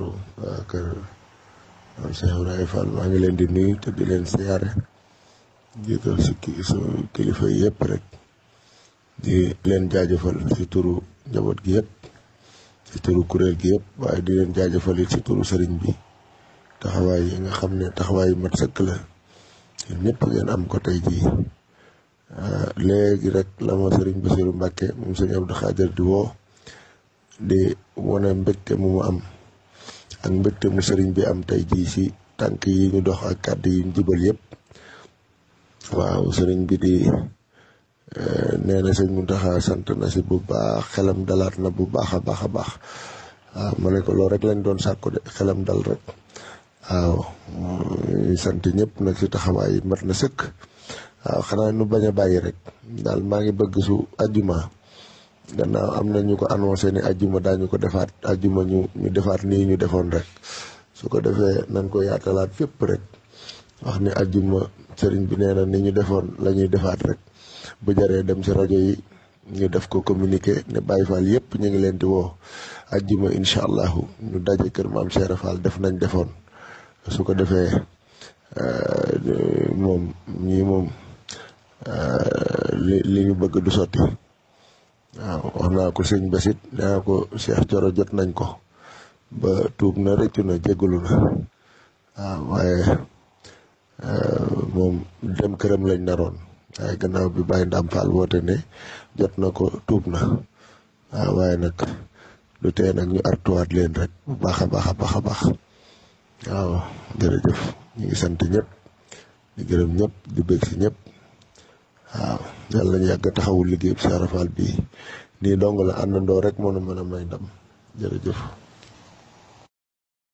waa ke maam Cheikh Ibrahima Fall maa ngi leen di nuyu te di leen siyaare jiital kilifa yëpp rek di leen jaajëfal si turu njaboot gi yëpp si turu kuréel gi yëpp di leen jaajëfal fal si turu sering bi taxawaay yi nga xam ne taxawaay yu mat sëkk la yéen am ko tey jii eh, léegi rek la ma sëriñ Bassirou Mbacke moom sëriñ ya Abdou Khadir di woo di wane mbégte mu am. ak mbégte mu sëriñ bi am tey ji si tànk yi ñu dox ak kàddu yi ñu jubal yëpp waaw sëriñ bi di eh, nee na sëñ Muntaxa sant na si bu baax xelam dalaat na bu baax a baax a baax waaw ah, ma ne ko loolu rek lañ doon sàkku de xelam dal rek waaw sant ñëpp nag si taxawaay mat na sëkk waaw xanaa nu bañ a bàyyi rek daal maa ngi bëgg su àjjuma gannaaw am na ñu ko annoncé ni ajjuma daañu ko defaat ajjuma ñu ñu defaat nii ñu defoon rek su ko defee nañ ko yaatalaat fépp rek wax ni ajjuma sëriñ bi nee na ni ñu defoon la ñuy defaat rek bu jaree dem ci rajo yi ñu def ko communiqué ne bàyyi Fall yëpp ñu ngi leen di woo ajjuma incha allahu ñu daje kër am Cheikh Fall def nañ defoon su ko defee euh, moom ñii moom euh, li li ñu bëgg du sotti wax naa ko sëñ Basit naa ko Cheikh Thioro jot nañ ko ba tuub na rëccu na jéggalu na waaw waaye euh, moom dem këram lañ naroon waaye gannaaw bi bàyyi ndam faal te ne jot na ko tuub na waaw waaye nag lu tee nag ñu artuwaat leen rek bu baax a baax a baax a baax waaw ñu ngi sant ñëpp di gërëm ñëpp di bëgg si ñëpp waaw yàlla nañu yàgg taxawul liggéey bu Saara Fall bii lii dong la àndandoo rek moo nu mën a may ndam jërëjëf.